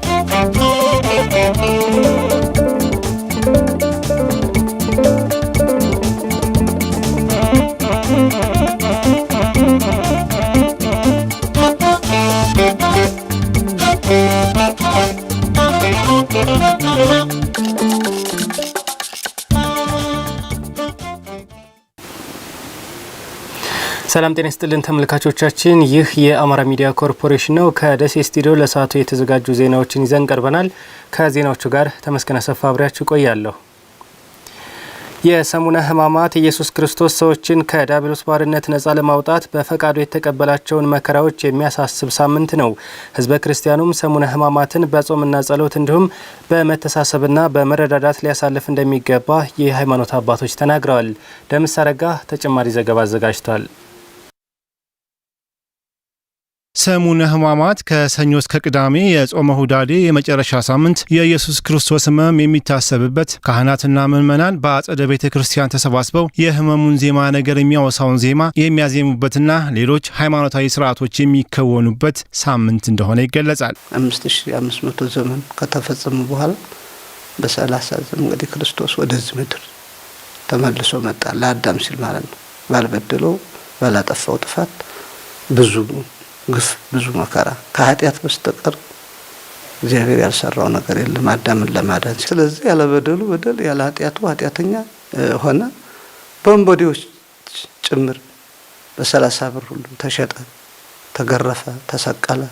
Thank you. ሰላም ጤና ይስጥልን ተመልካቾቻችን፣ ይህ የአማራ ሚዲያ ኮርፖሬሽን ነው። ከደሴ ስቱዲዮ ለሰዓቱ የተዘጋጁ ዜናዎችን ይዘን ቀርበናል። ከዜናዎቹ ጋር ተመስገን አሰፋ አብሬያችሁ ቆያለሁ። የሰሙነ ሕማማት ኢየሱስ ክርስቶስ ሰዎችን ከዲያብሎስ ባርነት ነፃ ለማውጣት በፈቃዱ የተቀበላቸውን መከራዎች የሚያሳስብ ሳምንት ነው። ሕዝበ ክርስቲያኑም ሰሙነ ሕማማትን በጾምና ጸሎት እንዲሁም በመተሳሰብና በመረዳዳት ሊያሳልፍ እንደሚገባ የሃይማኖት አባቶች ተናግረዋል። ደምስ አረጋ ተጨማሪ ዘገባ አዘጋጅቷል። ሰሙነ ሕማማት ከሰኞ እስከ ቅዳሜ የጾመ ሁዳዴ የመጨረሻ ሳምንት የኢየሱስ ክርስቶስ ሕመም የሚታሰብበት ካህናትና ምዕመናን በአጸደ ቤተ ክርስቲያን ተሰባስበው የሕመሙን ዜማ ነገር የሚያወሳውን ዜማ የሚያዜሙበትና ሌሎች ሃይማኖታዊ ስርዓቶች የሚከወኑበት ሳምንት እንደሆነ ይገለጻል። አምስት ሺ አምስት መቶ ዘመን ከተፈጸሙ በኋላ በሰላሳ ዘመን እንግዲህ ክርስቶስ ወደዚህ ምድር ተመልሶ መጣ። ለአዳም ሲል ማለት ነው። ባልበደለው ባላጠፋው ጥፋት ብዙ ግፍ፣ ብዙ መከራ ከኃጢአት በስተቀር እግዚአብሔር ያልሰራው ነገር የለም አዳምን ለማዳን። ስለዚህ ያለ በደሉ በደል ያለ ኃጢአቱ ኃጢአተኛ ሆነ። በወንበዴዎች ጭምር በሰላሳ ብር ሁሉ ተሸጠ፣ ተገረፈ፣ ተሰቀለ፣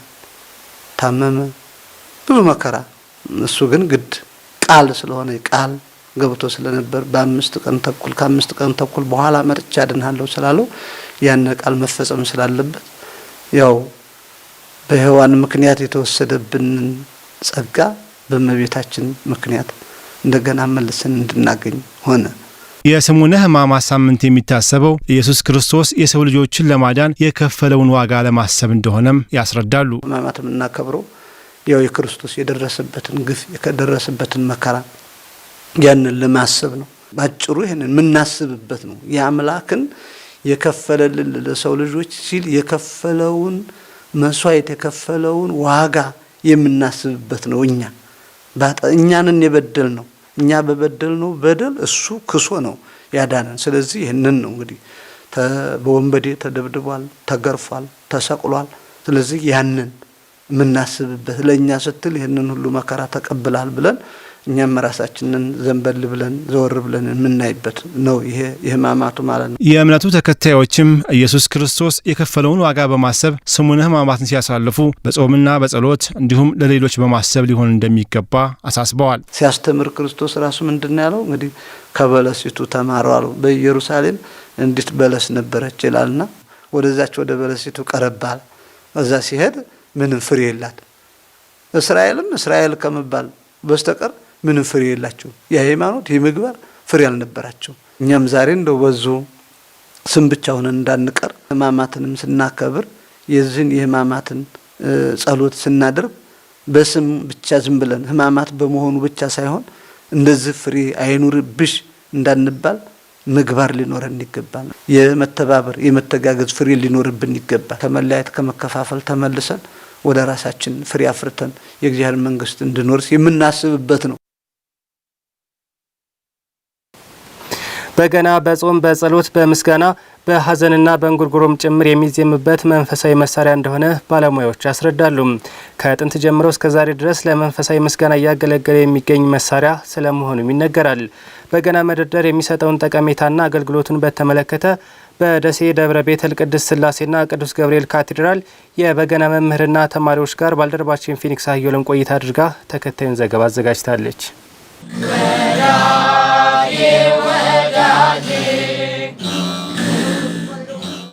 ታመመ፣ ብዙ መከራ። እሱ ግን ግድ ቃል ስለሆነ ቃል ገብቶ ስለነበር በአምስት ቀን ተኩል ከአምስት ቀን ተኩል በኋላ መጥቻ አድንሃለሁ ስላለው ያነ ቃል መፈጸም ስላለበት ያው በሔዋን ምክንያት የተወሰደብንን ጸጋ በእመቤታችን ምክንያት እንደገና መልሰን እንድናገኝ ሆነ። የሰሙነ ሕማማት ሳምንት የሚታሰበው ኢየሱስ ክርስቶስ የሰው ልጆችን ለማዳን የከፈለውን ዋጋ ለማሰብ እንደሆነም ያስረዳሉ። ሕማማት የምናከብረው ያው የክርስቶስ የደረሰበትን ግፍ የደረሰበትን መከራ ያንን ለማሰብ ነው። ባጭሩ ይህንን የምናስብበት ነው የአምላክን የከፈለልን ለሰው ልጆች ሲል የከፈለውን መስዋዕት የከፈለውን ዋጋ የምናስብበት ነው። እኛ እኛንን የበደል ነው። እኛ በበደል ነው በደል እሱ ክሶ ነው ያዳነን። ስለዚህ ይህንን ነው እንግዲህ በወንበዴ ተደብድቧል፣ ተገርፏል፣ ተሰቅሏል። ስለዚህ ያንን የምናስብበት ለእኛ ስትል ይህንን ሁሉ መከራ ተቀብላል ብለን እኛም ራሳችንን ዘንበል ብለን ዘወር ብለን የምናይበት ነው ይሄ የሕማማቱ ማለት ነው። የእምነቱ ተከታዮችም ኢየሱስ ክርስቶስ የከፈለውን ዋጋ በማሰብ ሰሙነ ህማማትን ሲያሳልፉ በጾምና በጸሎት እንዲሁም ለሌሎች በማሰብ ሊሆን እንደሚገባ አሳስበዋል። ሲያስተምር ክርስቶስ ራሱ ምንድን ያለው እንግዲህ ከበለሲቱ ተማሩ አሉ። በኢየሩሳሌም እንዲት በለስ ነበረች ይላልና ወደዛች ወደ በለሲቱ ቀረባል። እዛ ሲሄድ ምንም ፍሬ የላት እስራኤልም እስራኤል ከመባል በስተቀር ምንም ፍሬ የላቸው የሃይማኖት የምግባር ፍሬ አልነበራቸው። እኛም ዛሬ እንደው በዙ ስም ብቻ ሆነን እንዳንቀር ህማማትንም ስናከብር የዚህን የህማማትን ጸሎት ስናደርግ በስም ብቻ ዝም ብለን ህማማት በመሆኑ ብቻ ሳይሆን እንደዚህ ፍሬ አይኑርብሽ እንዳንባል ምግባር ሊኖረን ይገባል። የመተባበር የመተጋገዝ ፍሬ ሊኖርብን ይገባል። ከመለያየት ከመከፋፈል ተመልሰን ወደ ራሳችን ፍሬ አፍርተን የእግዚአብሔር መንግስት እንድኖርስ የምናስብበት ነው። በገና በጾም በጸሎት በምስጋና በሀዘንና በእንጉርጉሮም ጭምር የሚዜምበት መንፈሳዊ መሳሪያ እንደሆነ ባለሙያዎች ያስረዳሉ። ከጥንት ጀምሮ እስከ ዛሬ ድረስ ለመንፈሳዊ ምስጋና እያገለገለ የሚገኝ መሳሪያ ስለመሆኑም ይነገራል። በገና መደርደር የሚሰጠውን ጠቀሜታና አገልግሎቱን በተመለከተ በደሴ ደብረ ቤተል ቅድስት ስላሴና ቅዱስ ገብርኤል ካቴድራል የበገና መምህርና ተማሪዎች ጋር ባልደረባችን ፊኒክስ አየለን ቆይታ አድርጋ ተከታዩን ዘገባ አዘጋጅታለች።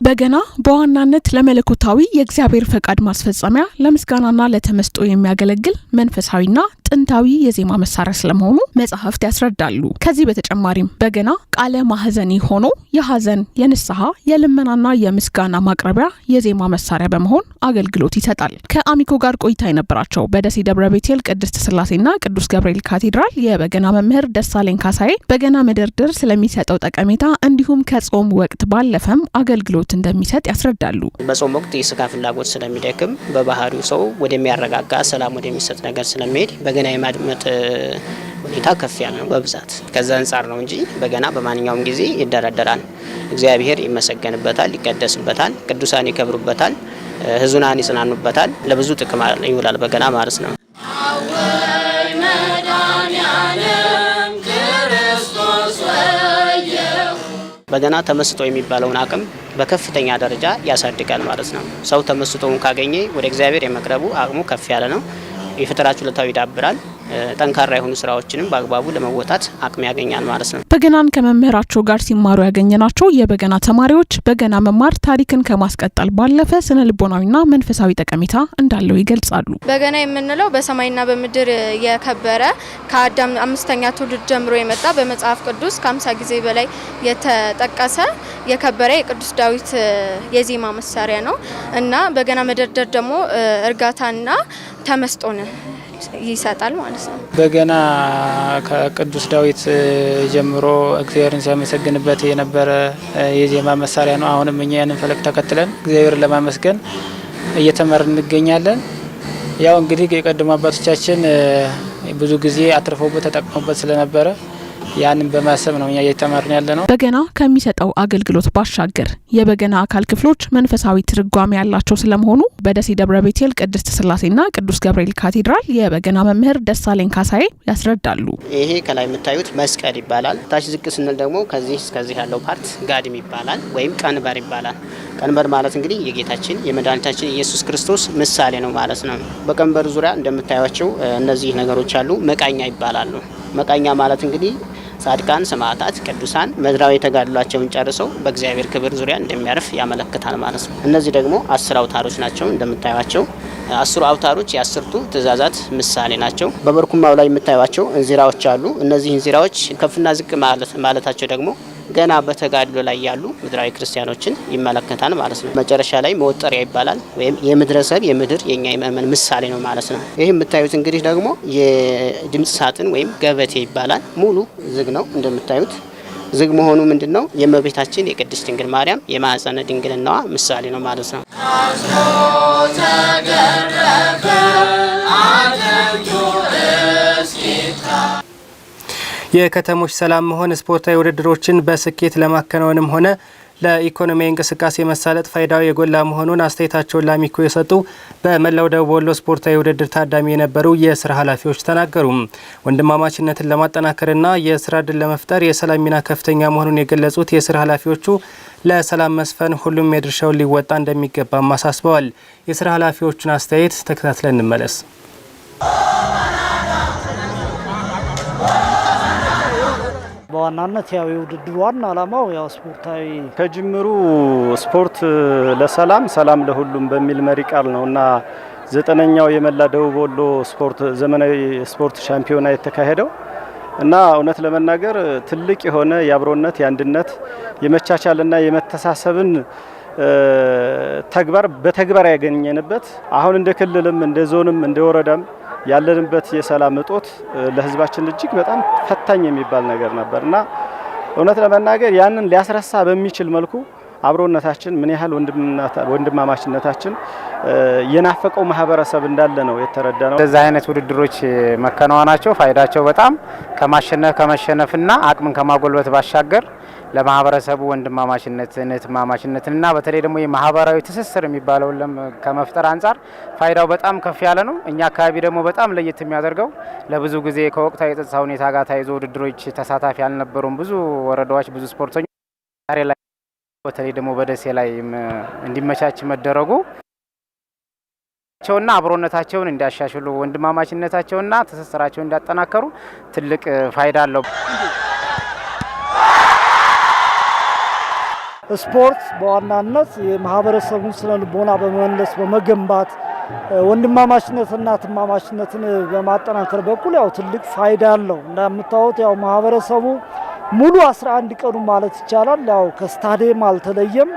በገና በዋናነት ለመለኮታዊ የእግዚአብሔር ፈቃድ ማስፈጸሚያ ለምስጋናና ለተመስጦ የሚያገለግል መንፈሳዊና ጥንታዊ የዜማ መሳሪያ ስለመሆኑ መጽሐፍት ያስረዳሉ። ከዚህ በተጨማሪም በገና ቃለ ማህዘኒ ሆኖ የሀዘን፣ የንስሐ፣ የልመናና የምስጋና ማቅረቢያ የዜማ መሳሪያ በመሆን አገልግሎት ይሰጣል። ከአሚኮ ጋር ቆይታ የነበራቸው በደሴ ደብረ ቤቴል ቅድስት ስላሴና ቅዱስ ገብርኤል ካቴድራል የበገና መምህር ደሳለኝ ካሳዬ በገና መደርደር ስለሚሰጠው ጠቀሜታ እንዲሁም ከጾም ወቅት ባለፈም አገልግሎት እንደሚሰጥ ያስረዳሉ። በጾም ወቅት የስጋ ፍላጎት ስለሚደክም በባህሪው ሰው ወደሚያረጋጋ ሰላም ወደሚሰጥ ነገር ስለሚሄድ እንደገና የማድመጥ ሁኔታ ከፍ ያለ ነው በብዛት ከዛ አንጻር ነው እንጂ በገና በማንኛውም ጊዜ ይደረደራል። እግዚአብሔር ይመሰገንበታል፣ ይቀደስበታል፣ ቅዱሳን ይከብሩበታል፣ ህዙናን ይጽናኑበታል። ለብዙ ጥቅም ይውላል በገና ማለት ነው። በገና ተመስጦ የሚባለውን አቅም በከፍተኛ ደረጃ ያሳድጋል ማለት ነው። ሰው ተመስጦውን ካገኘ ወደ እግዚአብሔር የመቅረቡ አቅሙ ከፍ ያለ ነው። የፈጠራ ችሎታው ይዳብራል። ጠንካራ የሆኑ ስራዎችንም በአግባቡ ለመወጣት አቅም ያገኛል ማለት ነው። በገናን ከመምህራቸው ጋር ሲማሩ ያገኘናቸው የበገና ተማሪዎች በገና መማር ታሪክን ከማስቀጠል ባለፈ ስነ ልቦናዊና መንፈሳዊ ጠቀሜታ እንዳለው ይገልጻሉ። በገና የምንለው በሰማይና በምድር የከበረ ከአዳም አምስተኛ ትውልድ ጀምሮ የመጣ በመጽሐፍ ቅዱስ ከአምሳ ጊዜ በላይ የተጠቀሰ የከበረ የቅዱስ ዳዊት የዜማ መሳሪያ ነው እና በገና መደርደር ደግሞ እርጋታና ተመስጦን ይሰጣል ማለት ነው። በገና ከቅዱስ ዳዊት ጀምሮ እግዚአብሔርን ሲያመሰግንበት የነበረ የዜማ መሳሪያ ነው። አሁንም እኛ ያንን ፈለግ ተከትለን እግዚአብሔርን ለማመስገን እየተመርን እንገኛለን። ያው እንግዲህ የቀድሞ አባቶቻችን ብዙ ጊዜ አትርፈውበት ተጠቅመውበት ስለነበረ ያንን በማሰብ ነው እኛ እየተማርን ያለ ነው። በገና ከሚሰጠው አገልግሎት ባሻገር የበገና አካል ክፍሎች መንፈሳዊ ትርጓሜ ያላቸው ስለመሆኑ በደሴ ደብረ ቤቴል ቅድስት ስላሴና ቅዱስ ገብርኤል ካቴድራል የበገና መምህር ደሳለኝ ካሳዬ ያስረዳሉ። ይሄ ከላይ የምታዩት መስቀል ይባላል። ታች ዝቅ ስንል ደግሞ ከዚህ እስከዚህ ያለው ፓርት ጋድም ይባላል ወይም ቀንበር ይባላል። ቀንበር ማለት እንግዲህ የጌታችን የመድኃኒታችን ኢየሱስ ክርስቶስ ምሳሌ ነው ማለት ነው። በቀንበር ዙሪያ እንደምታዩቸው እነዚህ ነገሮች አሉ። መቃኛ ይባላሉ። መቃኛ ማለት እንግዲህ ጻድቃን፣ ሰማዕታት፣ ቅዱሳን ምድራዊ የተጋድሏቸውን ጨርሰው በእግዚአብሔር ክብር ዙሪያ እንደሚያርፍ ያመለክታል ማለት ነው። እነዚህ ደግሞ አስር አውታሮች ናቸው። እንደምታዩቸው አስሩ አውታሮች የአስርቱ ትእዛዛት ምሳሌ ናቸው። በበርኩማው ላይ የምታዩቸው እንዚራዎች አሉ። እነዚህ እንዚራዎች ከፍና ዝቅ ማለታቸው ደግሞ ገና በተጋድሎ ላይ ያሉ ምድራዊ ክርስቲያኖችን ይመለከታል ማለት ነው። መጨረሻ ላይ መወጠሪያ ይባላል ወይም የምድረሰብ የምድር የኛ የምእመን ምሳሌ ነው ማለት ነው። ይህ የምታዩት እንግዲህ ደግሞ የድምፅ ሳጥን ወይም ገበቴ ይባላል። ሙሉ ዝግ ነው እንደምታዩት ዝግ መሆኑ ምንድን ነው? የእመቤታችን የቅድስት ድንግል ማርያም የማዕፀነ ድንግልናዋ ምሳሌ ነው ማለት ነው። የከተሞች ሰላም መሆን ስፖርታዊ ውድድሮችን በስኬት ለማከናወንም ሆነ ለኢኮኖሚ እንቅስቃሴ መሳለጥ ፋይዳው የጎላ መሆኑን አስተያየታቸውን ላሚኮ የሰጡ በመላው ደቡብ ወሎ ስፖርታዊ ውድድር ታዳሚ የነበሩ የስራ ኃላፊዎች ተናገሩ። ወንድማማችነትን ለማጠናከርና የስራ እድል ለመፍጠር የሰላም ሚና ከፍተኛ መሆኑን የገለጹት የስራ ኃላፊዎቹ ለሰላም መስፈን ሁሉም የድርሻውን ሊወጣ እንደሚገባም አሳስበዋል። የስራ ኃላፊዎቹን አስተያየት ተከታትለን እንመለስ። በዋናነት ያው የውድድሩ ዋና አላማው ያው ስፖርታዊ ከጅምሩ ስፖርት ለሰላም ሰላም ለሁሉም በሚል መሪ ቃል ነው እና ዘጠነኛው የመላ ደቡብ ወሎ ስፖርት ዘመናዊ ስፖርት ሻምፒዮና የተካሄደው እና እውነት ለመናገር ትልቅ የሆነ የአብሮነት የአንድነት የመቻቻልና የመተሳሰብን ተግባር በተግባር ያገኘንበት አሁን እንደ ክልልም እንደ ዞንም እንደ ወረዳም ያለንበት የሰላም እጦት ለህዝባችን እጅግ በጣም ፈታኝ የሚባል ነገር ነበር እና እውነት ለመናገር ያንን ሊያስረሳ በሚችል መልኩ አብሮነታችን ምን ያህል ወንድማማችነታችን የናፈቀው ማህበረሰብ እንዳለ ነው የተረዳ ነው። እንደዚህ አይነት ውድድሮች መከናወናቸው ፋይዳቸው በጣም ከማሸነፍ ከመሸነፍና አቅምን ከማጎልበት ባሻገር ለማህበረሰቡ ወንድማማችነትን እህትማማችነትን እና በተለይ ደግሞ የማህበራዊ ትስስር የሚባለውን ከመፍጠር አንጻር ፋይዳው በጣም ከፍ ያለ ነው። እኛ አካባቢ ደግሞ በጣም ለየት የሚያደርገው ለብዙ ጊዜ ከወቅታዊ የጸጥታ ሁኔታ ጋር ተያይዞ ውድድሮች ተሳታፊ ያልነበሩም ብዙ ወረዳዎች ብዙ ስፖርተኞች ዛሬ ላይ በተለይ ደግሞ በደሴ ላይ እንዲመቻች መደረጉ ቸውና አብሮነታቸውን እንዲያሻሽሉ ወንድማማችነታቸውና ትስስራቸውን እንዲያጠናከሩ ትልቅ ፋይዳ አለው። ስፖርት በዋናነት የማህበረሰቡን ስነ ልቦና በመመለስ በመገንባት ወንድማማችነትና ትማማችነትን በማጠናከር በኩል ያው ትልቅ ፋይዳ አለው። እንደምታዩት ያው ማህበረሰቡ ሙሉ 11 ቀኑ ማለት ይቻላል ያው ከስታዲየም አልተለየም።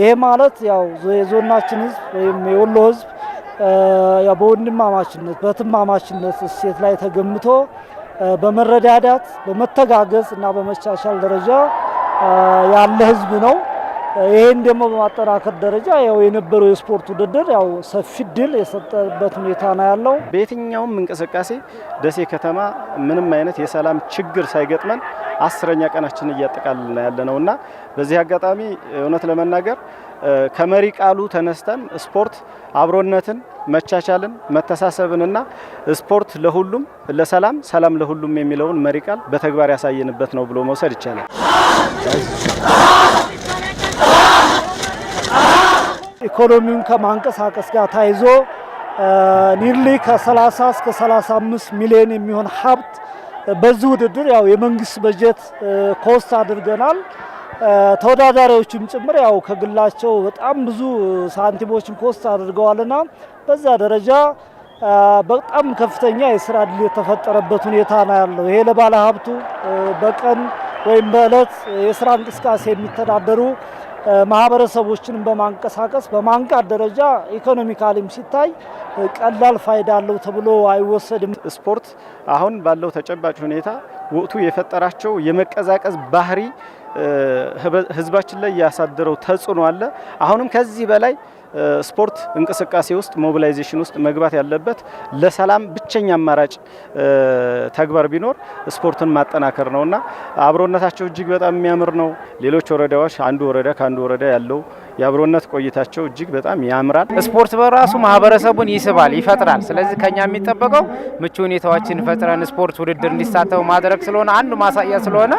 ይሄ ማለት ያው የዞናችን ህዝብ ወይም የወሎ ህዝብ ያው በወንድማማችነት በትማማችነት እሴት ላይ ተገምቶ በመረዳዳት በመተጋገዝ እና በመቻቻል ደረጃ ያለ ህዝብ ነው። ይህን ደግሞ በማጠናከር ደረጃ ያው የነበረው የስፖርት ውድድር ያው ሰፊ ድል የሰጠበት ሁኔታ ነው ያለው። በየትኛውም እንቅስቃሴ ደሴ ከተማ ምንም አይነት የሰላም ችግር ሳይገጥመን አስረኛ ቀናችን እያጠቃልል ያለ ነው እና በዚህ አጋጣሚ እውነት ለመናገር ከመሪ ቃሉ ተነስተን ስፖርት አብሮነትን፣ መቻቻልን፣ መተሳሰብንና ስፖርት ለሁሉም ለሰላም ሰላም ለሁሉም የሚለውን መሪ ቃል በተግባር ያሳየንበት ነው ብሎ መውሰድ ይቻላል። ኢኮኖሚውን ከማንቀሳቀስ ጋር ታይዞ ኒርሊ ከ30 እስከ 35 ሚሊዮን የሚሆን ሀብት በዚህ ውድድር ያው የመንግስት በጀት ኮስት አድርገናል። ተወዳዳሪዎችም ጭምር ያው ከግላቸው በጣም ብዙ ሳንቲሞችን ኮስት አድርገዋልና በዛ ደረጃ በጣም ከፍተኛ የስራ እድል የተፈጠረበት ሁኔታ ነው ያለው። ይሄ ለባለሀብቱ በቀን ወይም በእለት የስራ እንቅስቃሴ የሚተዳደሩ ማህበረሰቦችን በማንቀሳቀስ በማንቃት ደረጃ ኢኮኖሚካሊም ሲታይ ቀላል ፋይዳ አለው ተብሎ አይወሰድም። ስፖርት አሁን ባለው ተጨባጭ ሁኔታ ወቅቱ የፈጠራቸው የመቀዛቀዝ ባህሪ ህዝባችን ላይ ያሳደረው ተጽዕኖ አለ። አሁንም ከዚህ በላይ ስፖርት እንቅስቃሴ ውስጥ ሞቢላይዜሽን ውስጥ መግባት ያለበት ለሰላም ብቸኛ አማራጭ ተግባር ቢኖር ስፖርትን ማጠናከር ነውና አብሮነታቸው እጅግ በጣም የሚያምር ነው። ሌሎች ወረዳዎች አንዱ ወረዳ ከአንዱ ወረዳ ያለው የአብሮነት ቆይታቸው እጅግ በጣም ያምራል። ስፖርት በራሱ ማህበረሰቡን ይስባል፣ ይፈጥራል። ስለዚህ ከኛ የሚጠበቀው ምቹ ሁኔታዎችን ፈጥረን ስፖርት ውድድር እንዲሳተፉ ማድረግ ስለሆነ አንዱ ማሳያ ስለሆነ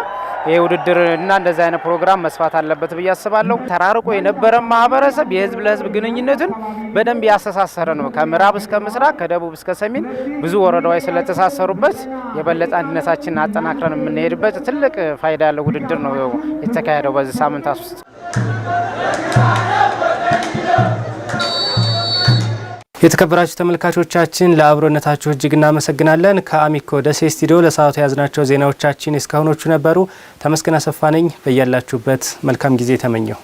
ይህ ውድድር እና እንደዚህ አይነት ፕሮግራም መስፋት አለበት ብዬ አስባለሁ። ተራርቆ የነበረ ማህበረሰብ የህዝብ ለህዝብ ግንኙነትን በደንብ ያስተሳሰረ ነው። ከምዕራብ እስከ ምስራቅ፣ ከደቡብ እስከ ሰሜን ብዙ ወረዳዎች ስለተሳሰሩበት የበለጠ አንድነታችንን አጠናክረን የምንሄድበት ትልቅ ፋይዳ ያለው ውድድር ነው የተካሄደው በዚህ ሳምንታት ውስጥ የተከበራችሁ ተመልካቾቻችን ለአብሮነታችሁ እጅግ እናመሰግናለን። ከአሚኮ ደሴ ስቱዲዮ ለሰዓቱ የያዝናቸው ዜናዎቻችን እስካሁኖቹ ነበሩ። ተመስገን አሰፋ ነኝ። በያላችሁበት መልካም ጊዜ ተመኘው።